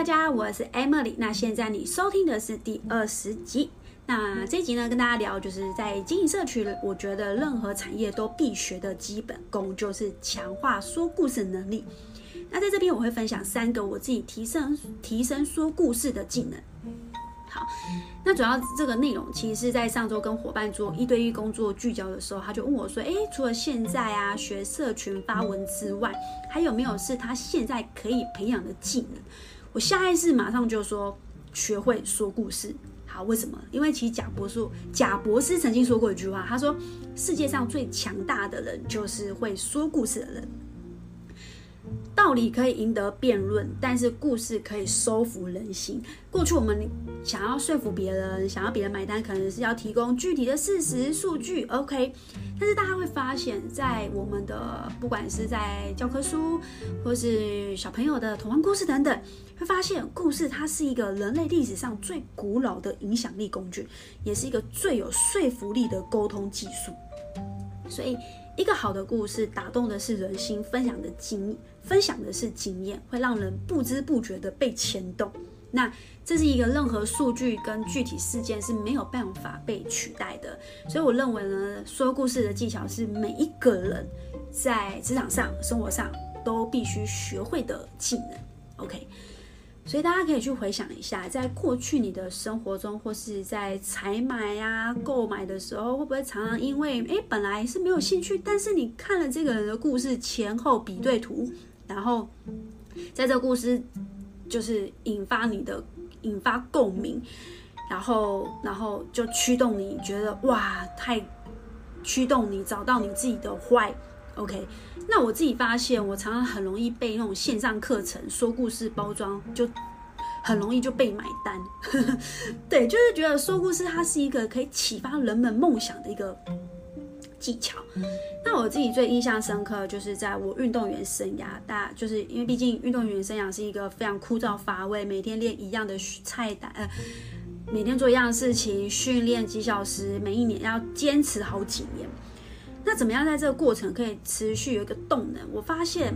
大家，我是 Emily。那現在你收聽的是第二十集。那這一集呢，跟大家聊就是在經營社群，我覺得任何產業都必學的基本功就是強化說故事能力。那在這邊我會分享三個我自己提升提升說故事的技能。好，那主要這個內容其實是在上週跟夥伴做一對一工作聚焦的時候，他就問我說：“欸，除了現在啊學社群發文之外，還有沒有是他現在可以培養的技能？”我下一次馬上就說，學會說故事。好，為什麼？因為其實賈伯斯，賈伯斯曾經說過一句話，他說世界上最強大的人就是會說故事的人。道理可以贏得辯論，但是故事可以收服人心。過去我們想要說服別人，想要別人買單，可能是要提供具體的事實、數據，OK，但是大家會發現，在我們的不管是在教科書，或是小朋友的童話故事等等，會發現故事它是一個人類歷史上最古老的影響力工具，也是一個最有說服力的溝通技術。所以。一個好的故事打動的是人心，分享的經分享的是經驗，會讓人不知不覺的被牽動。那這是一個任何數據跟具體事件是沒有辦法被取代的，所以我認為呢，說故事的技巧是每一個人在職場上、生活上都必須學會的技能。OK。所以大家可以去回想一下，在過去你的生活中，或是在採買啊、購買的時候，會不會常常因為誒、欸，本來是沒有興趣，但是你看了這個人的故事前後比對圖，然後在這個故事就是引發你的、引發共鳴，然後然後就驅動你覺得哇，太驅動你找到你自己的壞。OK，那我自己發現，我常常很容易被那種線上課程說故事包裝，就很容易就被買單。 對，就是覺得說故事它，是一個可以啟發人們夢想的一個技巧。嗯、那我自己最印象深刻，就是在我運動員生涯大家，就是因為畢竟運動員生涯是一個非常枯燥乏味，每天練一樣的菜單，呃，每天做一樣的事情，訓練幾小時，每一年要堅持好幾年。那怎麼樣在這個過程可以持續有一個動能？我發現，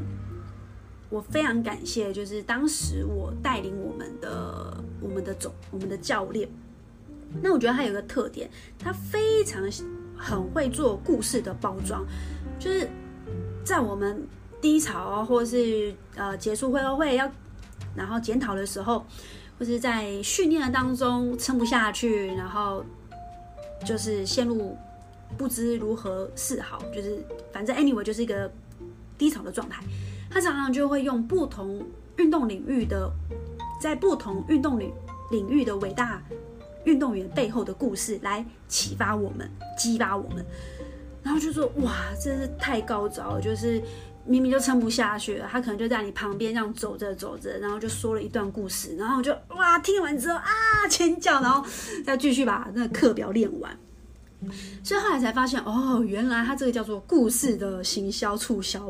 我非常感謝，就是當時我帶領我們的、我們的總、我們的教練。那我覺得他有一個特點，他非常很會做故事的包裝，就是在我們低潮，或是呃結束會後會要，然後檢討的時候，或是在訓練的當中撐不下去，然後就是陷入。不知如何是好，就是反正 anyway 就是一個低潮的狀態。他常常就會用不同運動領域的，在不同運動領領域的偉大運動員背後的故事來啟發我們、激發我們。然後就說哇，真是太高招了，就是明明就撐不下去了，他可能就在你旁邊這樣走着走着，然後就說了一段故事，然後就哇，聽完之後啊，尖叫，然後再繼續把那個課表練完。所以後來才發現，哦，原來他這個叫做故事的行銷促銷。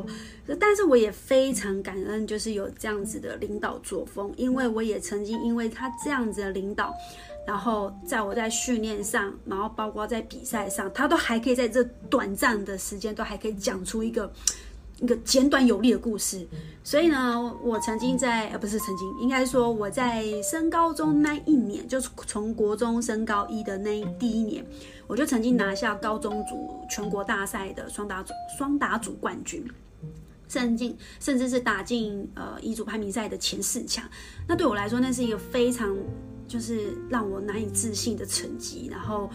但是我也非常感恩，就是有這樣子的領導作風，因為我也曾經因為他這樣子的領導，然後在我在訓練上，然後包括在比賽上，他都還可以在這短暫的時間都還可以講出一個。一個簡短有力的故事。所以呢，我曾經在呃，不是曾經，應該說我在升高中那一年，就是從國中升高一的那一第一年，我就曾經拿下高中組全國大賽的雙打組雙打組冠軍，甚甚至是打進呃一組排名賽的前四強。那對我來說，那是一個非常就是讓我難以置信的成績，然後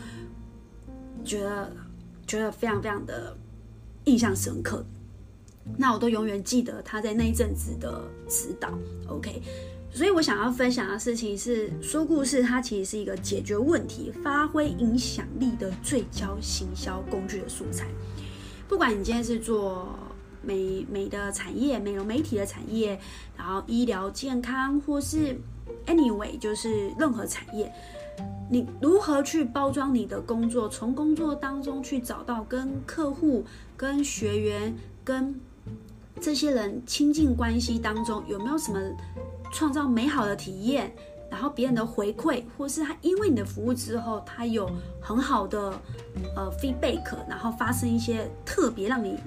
覺得覺得非常非常的印象深刻。那我都永遠記得他在那一陣子的指導，OK。所以我想要分享的事情是，說故事它其實是一個解決問題、發揮影響力的最佳行銷工具的素材。不管你今天是做美美的產業、美容媒體的產業，然後醫療健康，或是 anyway 就是任何產業，你如何去包裝你的工作，從工作當中去找到跟客戶、跟學員、跟這些人親近關係當中有沒有什麼創造美好的體驗，然後別人的回饋，或是他因為你的服務之後，他有很好的呃 feedback，然後發生一些特別讓你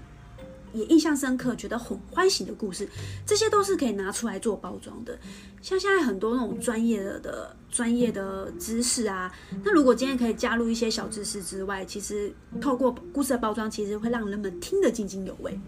也印象深刻、覺得很歡喜的故事，這些都是可以拿出來做包裝的。像現在很多那種專業的、專業的知識啊，那如果今天可以加入一些小知識之外，其實透過故事的包裝，其實會讓人們聽得津津有味。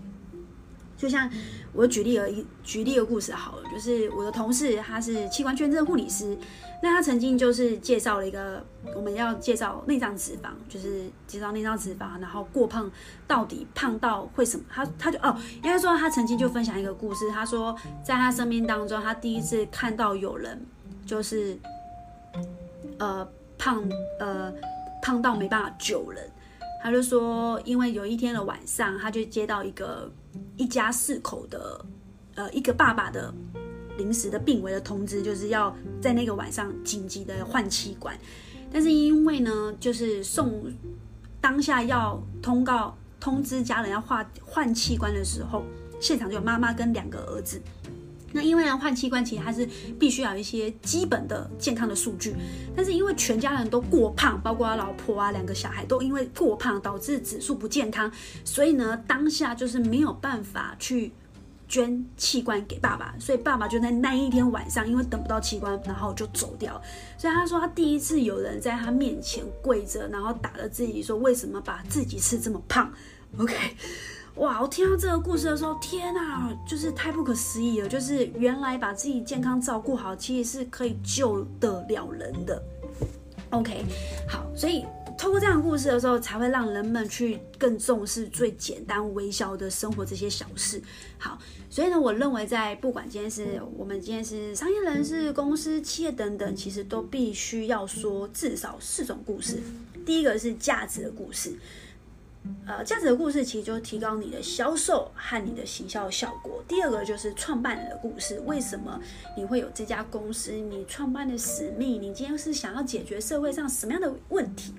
就像我舉例而一舉例一個故事好了，就是我的同事，他是器官捐贈護理師，那他曾經就是介紹了一個我們要介紹內臟脂肪，就是介紹內臟脂肪，然後過胖到底胖到會什麼？他他就哦，應該說他曾經就分享一個故事，他說在他生命當中，他第一次看到有人就是呃胖呃胖到沒辦法救人，他就說因為有一天的晚上，他就接到一個。一家四口的，呃，一個爸爸的臨時的病危的通知，就是要在那個晚上緊急的換器官，但是因為呢，就是送當下要通告通知家人要換換器官的時候，現場就有媽媽跟兩個兒子。那因為呢，換器官其實它是必須要有一些基本的健康的數據，但是因為全家人都過胖，包括他老婆啊，兩個小孩都因為過胖導致指數不健康，所以呢，當下就是沒有辦法去捐器官給爸爸，所以爸爸就在那一天晚上，因為等不到器官，然後就走掉。所以他說，他第一次有人在他面前跪着，然後打了自己說，為什麼把自己吃這麼胖？OK。哇！我聽到這個故事的時候，天哪，就是太不可思議了。就是原來把自己健康照顧好，其實是可以救得了人的。OK，好，所以透過這樣的故事的時候，才會讓人們去更重視最簡單、微小的生活這些小事。好，所以呢，我認為在不管今天是我們今天是商業人士、公司、企業等等，其實都必須要說至少四種故事。第一個是價值的故事。呃，這樣子的故事其實就是提高你的銷售和你的行銷效果。第二個就是創辦人的故事，為什麼你會有這家公司？你創辦的使命，你今天是想要解決社會上什麼樣的問題？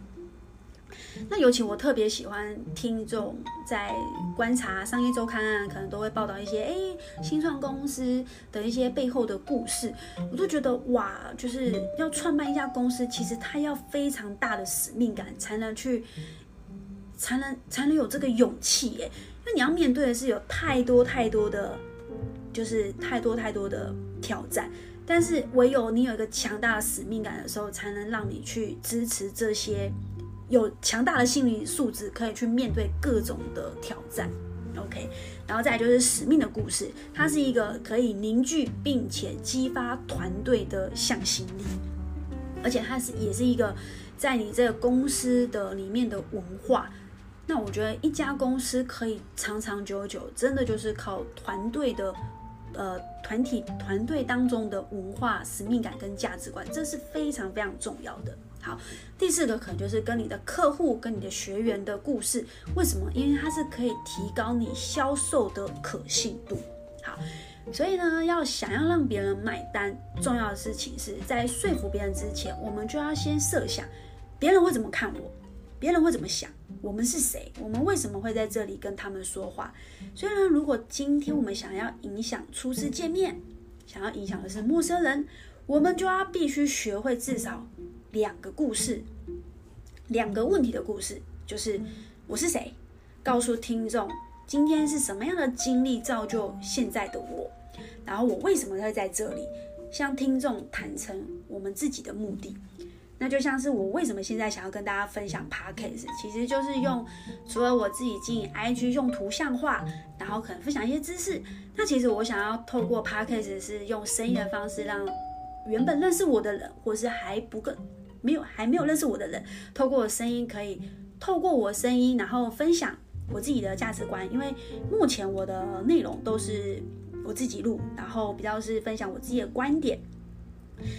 那尤其我特別喜歡聽眾在觀察商業周刊啊，可能都會報道一些哎、欸、新創公司的一些背後的故事，我都覺得哇，就是要創辦一家公司，其實他要非常大的使命感才能去。才能才能有這個勇氣耶，因為你要面對的是有太多太多的，就是太多太多的挑戰。但是唯有你有一個強大的使命感的時候，才能讓你去支持這些有強大的心理素質可以去面對各種的挑戰。OK，然後再來就是使命的故事，它是一個可以凝聚並且激發團隊的向心力，而且它是也是一個在你這個公司的裡面的文化。那我覺得一家公司可以長長久久，真的就是靠團隊的，呃，團體團隊當中的文化、使命感跟價值觀，這是非常非常重要的。好，第四個可能就是跟你的客戶、跟你的學員的故事，為什麼？因為它是可以提高你銷售的可信度。好，所以呢，要想要讓別人買單，重要的事情是在說服別人之前，我們就要先設想，別人會怎麼看我。別人會怎麼想？我們是誰？我們為什麼會在這裡跟他們說話？所以呢，如果今天我們想要影響初次見面，想要影響的是陌生人，我們就要必須學會至少兩個故事，兩個問題的故事，就是我是誰，告訴聽眾今天是什麼樣的經歷造就現在的我，然後我為什麼會在這裡，向聽眾坦誠我們自己的目的。那就像是我為什麼現在想要跟大家分享 Podcast，其實就是用除了我自己經營 IG 用圖像化，然後可能分享一些知識。那其實我想要透過 Podcast 是用聲音的方式，讓原本認識我的人，或是還不夠沒有還沒有認識我的人，透過聲音可以透過我聲音，然後分享我自己的價值觀。因為目前我的內容都是我自己錄，然後比較是分享我自己的觀點。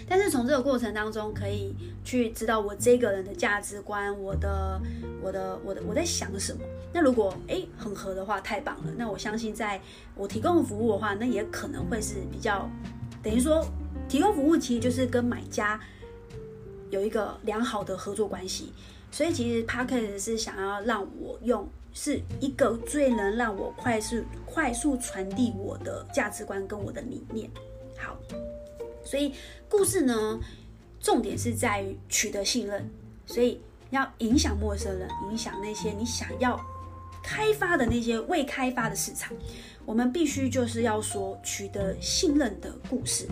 但是從這個過程當中，可以去知道我這個人的價值觀，我的、我的、我的、我在想什麼。那如果哎很合的話，太棒了。那我相信，在我提供服務的話，那也可能會是比較，等於說提供服務其實就是跟買家有一個良好的合作關係。所以其實 Podcast 是想要讓我用，是一個最能讓我快速快速傳遞我的價值觀跟我的理念。好。所以故事呢，重點是在於取得信任，所以要影響陌生人，影響那些你想要開發的那些未開發的市場，我們必須就是要說取得信任的故事。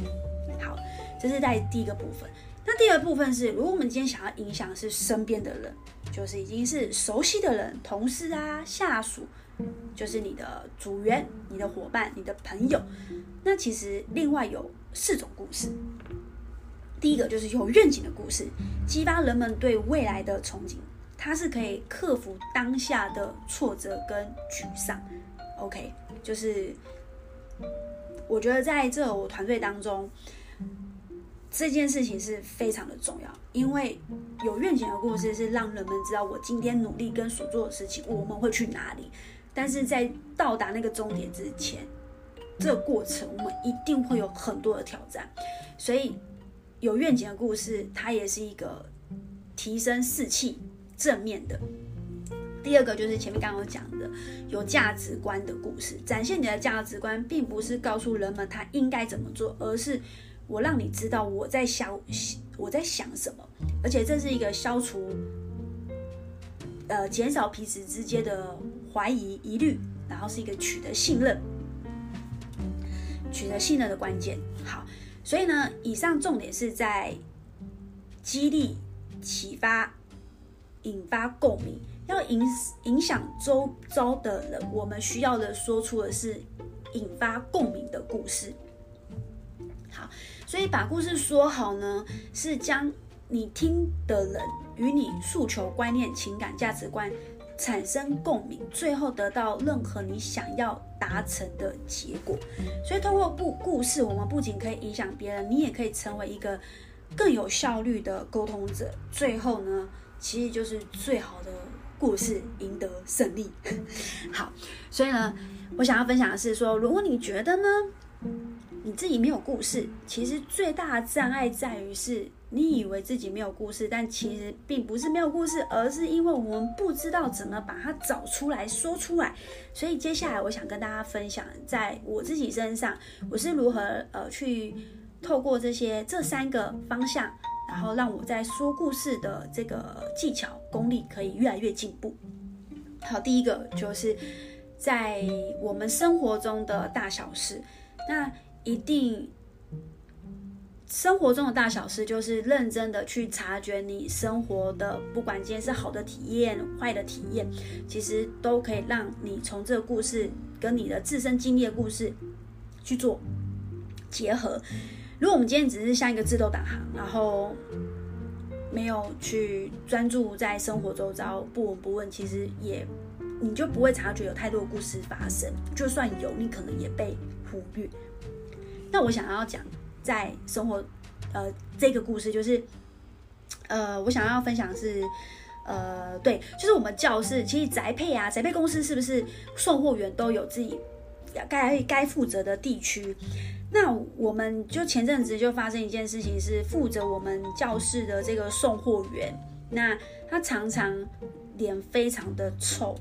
好，這是在第一個部分。那第二部分是，如果我們今天想要影響的是身邊的人，就是已經是熟悉的人，同事啊、下屬，就是你的組員、你的伙伴、你的朋友，那其實另外有。四種故事，第一個就是有願景的故事，激發人們對未來的憧憬。它是可以克服當下的挫折跟沮喪。OK，就是我覺得在這我團隊當中，這件事情是非常的重要，因為有願景的故事是讓人們知道我今天努力跟所做的事情，我們會去哪裡。但是在到達那個終點之前。這個過程我們一定會有很多的挑戰，所以有願景的故事，它也是一個提升士氣、正面的。第二個就是前面剛剛講的有價值觀的故事，展現你的價值觀，並不是告訴人們他應該怎麼做，而是我讓你知道我在想我在想什麼，而且這是一個消除，呃，減少彼此之間的懷疑、疑慮，然後是一個取得信任。取得信任的關鍵，好，所以呢，以上重點是在激勵、啟發、引發共鳴，要影影響周遭的人，我們需要的說出的是引發共鳴的故事。好，所以把故事說好呢，是將你聽的人與你訴求、觀念、情感、價值觀。產生共鳴，最後得到任何你想要達成的結果。所以，通過故故事，我們不僅可以影響別人，你也可以成為一個更有效率的溝通者。最後呢，其實就是最好的故事，贏得勝利。 好，所以呢，我想要分享的是說，如果你覺得呢，你自己沒有故事，其實最大的障礙在於是，你以為自己沒有故事，但其實並不是沒有故事，而是因為我們不知道怎麼把它找出來說出來。所以接下來我想跟大家分享，在我自己身上，我是如何呃去透過這些這三個方向，然後讓我在說故事的這個技巧功力可以越來越進步。好，第一個就是在我們生活中的大小事，那一定。生活中的大小事，就是認真的去察覺你生活的，不管今天是好的體驗、壞的體驗，其實都可以讓你從這個故事跟你的自身經歷的故事去做結合。嗯，如果我們今天只是像一個自動導航，然後沒有去專注在生活周遭，不聞不問，其實也你就不會察覺有太多故事發生。就算有，你可能也被忽略。那我想要講。在生活，呃，這個故事就是，呃，我想要分享是，呃，對，就是我們教室，其實宅配啊，宅配公司是不是送貨員都有自己該該負責的地區？那我們就前陣子就發生一件事情，是負責我們教室的這個送貨員，那他常常臉非常的臭。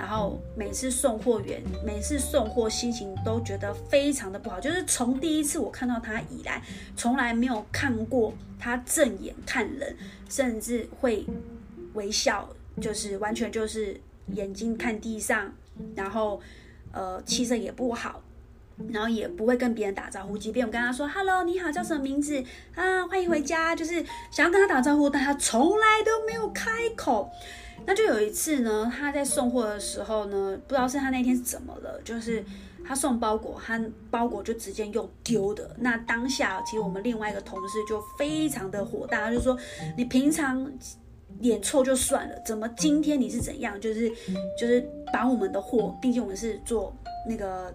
然後每次送貨員每次送貨，心情都覺得非常的不好。就是從第一次我看到他以來，從來沒有看過他正眼看人，甚至會微笑，就是完全就是眼睛看地上，然後呃氣色也不好，然後也不會跟別人打招呼。即便我跟他說 “Hello，你好，叫什麼名字啊？歡迎回家”，就是想要跟他打招呼，但他從來都沒有開口。那就有一次呢，他在送貨的時候呢，不知道是他那天是怎麼了，就是他送包裹，他包裹就直接用丟的。那當下其實我們另外一個同事就非常的火大，他就說：“你平常臉臭就算了，怎麼今天你是怎樣？就是就是把我們的貨，畢竟我們是做那個。”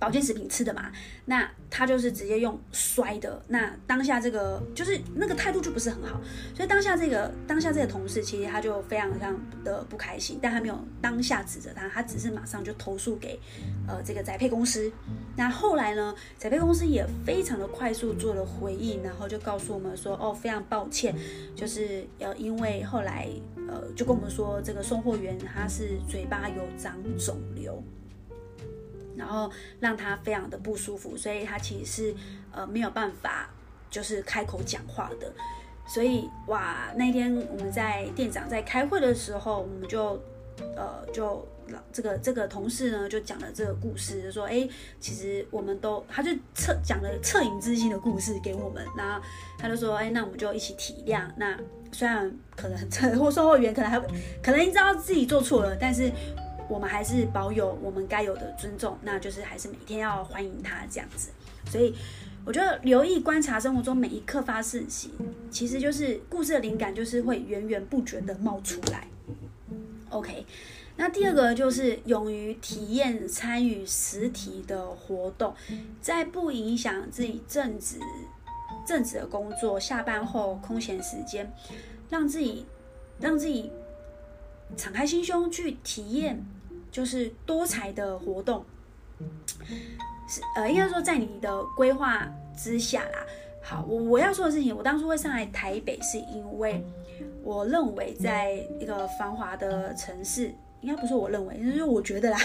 保健食品吃的嘛，那他就是直接用摔的，那當下這個就是那個態度就不是很好，所以當下這個當下這個同事其實他就非常非常的不開心，但他沒有當下指責他，他只是馬上就投訴給呃這個宅配公司。那後來呢，宅配公司也非常的快速做了回應，然後就告訴我們說，哦，非常抱歉，就是要因為後來呃就跟我們說這個送貨員他是嘴巴有長腫瘤。然後讓他非常的不舒服，所以他其實是呃沒有辦法，就是開口講話的。所以哇，那天我們在店長在開會的時候，我們就呃就這個這個同事呢就講了這個故事，就說哎、欸，其實我們都，他就惻講了惻隱之心的故事給我們。然後他就說哎、欸，那我們就一起體諒。那雖然可能售貨員可能還會可能你知道自己做錯了，但是。我們還是保有我們該有的尊重，那就是還是每天要歡迎他這樣子。所以，我覺得留意觀察生活中每一刻發生的其實就是故事的靈感，就是會源源不絕的冒出來。OK，那第二個就是勇於體驗參與實體的活動，在不影響自己正職正職的工作，下班後空閒時間，讓自己讓自己敞開心胸去體驗。就是多彩的活動，是呃，應該說在你的規劃之下啦。好，我我要說的事情，我當初會上來台北，是因為我認為在一個繁華的城市，應該不是我認為，就是我覺得啦。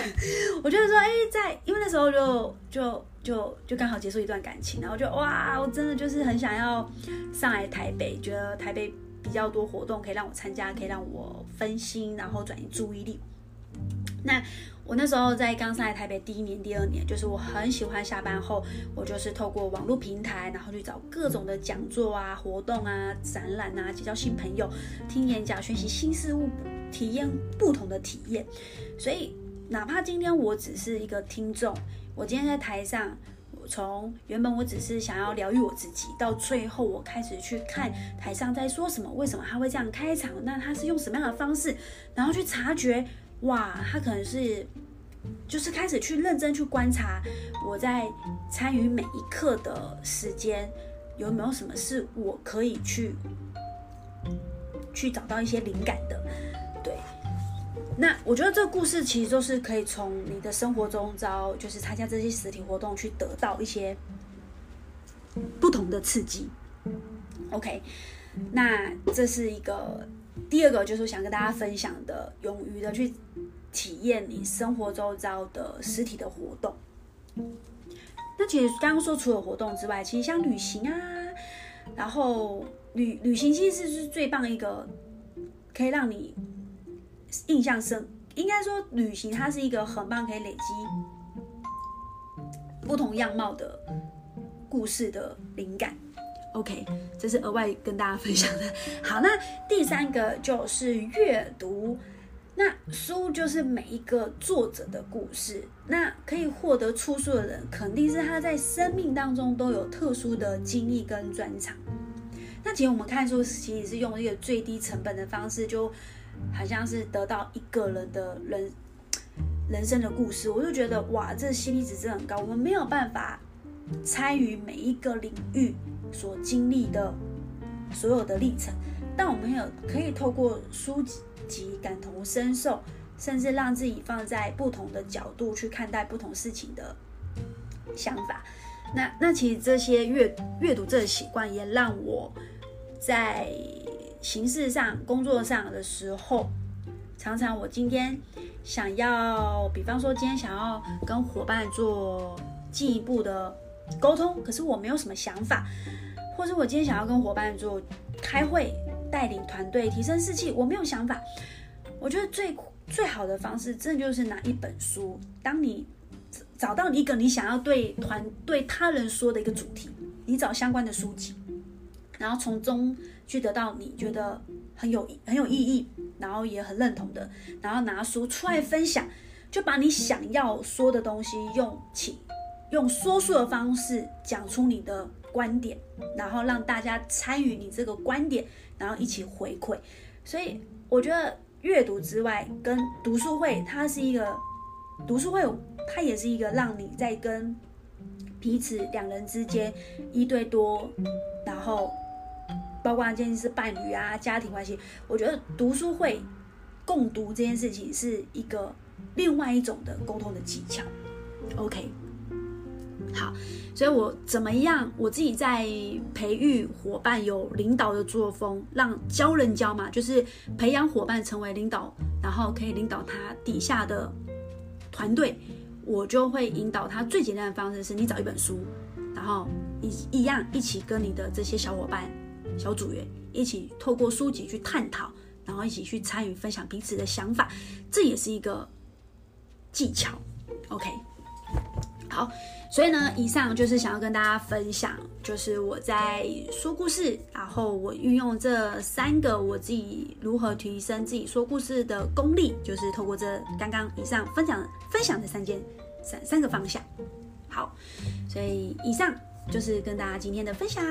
我覺得說，哎，在因為那時候就就就就剛好結束一段感情，然後就哇，我真的就是很想要上來台北，覺得台北比較多活動可以讓我參加，可以讓我分心，然後轉移注意力。那我那時候在剛上來台北第一年、第二年，就是我很喜歡下班後，我就是透過網絡平台，然後去找各種的講座啊、活動啊、展覽啊，結交新朋友，聽演講、學習新事物、體驗不同的體驗。所以，哪怕今天我只是一個聽眾，我今天在台上，我從原本我只是想要療癒我自己，到最後我開始去看台上在說什麼，為什麼他會這樣開場，那他是用什麼樣的方式，然後去察覺。哇，他可能是，就是開始去認真去觀察我在參與每一刻的時間有沒有什麼是我可以去去找到一些靈感的，對。那我覺得這故事其實就是可以從你的生活中，招就是參加這些實體活動去得到一些不同的刺激。OK，那這是一個第二個，就是我想跟大家分享的，勇於的去。體驗你生活周遭的實體的活動。那其實剛剛說除了活動之外，其實像旅行啊，然後旅旅行其實是最棒的一個可以讓你印象深，應該說旅行它是一個很棒可以累積不同樣貌的故事的靈感。OK，這是額外跟大家分享的。好，那第三個就是閱讀。那書就是每一個作者的故事，那可以獲得出書的人，肯定是他在生命當中都有特殊的經歷跟專長。那其實我們看書，其實是用一個最低成本的方式，就好像是得到一個人的人人生的故事。我就覺得哇，這心理值真的很高。我們沒有辦法參與每一個領域所經歷的所有的歷程，但我們有可以透過書籍。及感同身受，甚至讓自己放在不同的角度去看待不同事情的想法。那那其實這些閱閱讀這個習慣也讓我在形式上、工作上的時候，常常我今天想要，比方說今天想要跟夥伴做進一步的溝通，可是我沒有什麼想法，或者我今天想要跟夥伴做開會。帶領團隊提升士氣，我沒有想法。我覺得最最好的方式，真的就是拿一本書。當你找到一個你想要對團對他人說的一個主題，你找相關的書籍，然後從中去得到你覺得很有很有意義，然後也很認同的，然後拿書出來分享，就把你想要說的東西用起，用說書的方式講出你的，觀點，然後讓大家參與你這個觀點，然後一起回饋。所以我覺得閱讀之外，跟讀書會，它是一個讀書會，它也是一個讓你在跟彼此兩人之間一對多，然後包括這件事情是伴侶啊、家庭關係，我覺得讀書會共讀這件事情是一個另外一種的溝通的技巧。OK。好，所以，我怎麼樣？我自己在培育夥伴有領導的作風，讓教人教嘛，就是培養夥伴成為領導，然後可以領導他底下的團隊。我就會引導他最簡單的方式是，你找一本書，然後一一樣一起跟你的這些小夥伴、小組員一起透過書籍去探討，然後一起去參與分享彼此的想法，這也是一個技巧。OK，好。所以呢，以上就是想要跟大家分享，就是我在說故事，然後我運用這三個，我自己如何提升自己說故事的功力，就是透過這剛剛以上分享分享的三件三三個方向。好，所以以上。就是跟大家今天的分享。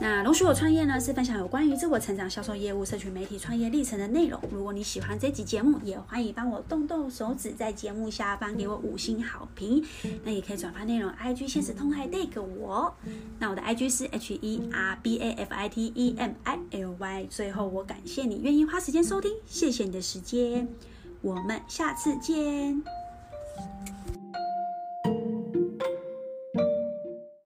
那容許我創業呢，是分享有關於自我成長、銷售業務、社群媒體創業歷程的內容。如果你喜歡這集節目，也歡迎幫我動動手指，在節目下方給我五星好評。那也可以轉發內容，IG 限時動態 tag 那給我。那我的 IG 是 H E R B A F I T E M I L Y。最後，我感謝你願意花時間收聽，謝謝你的時間，我們下次見。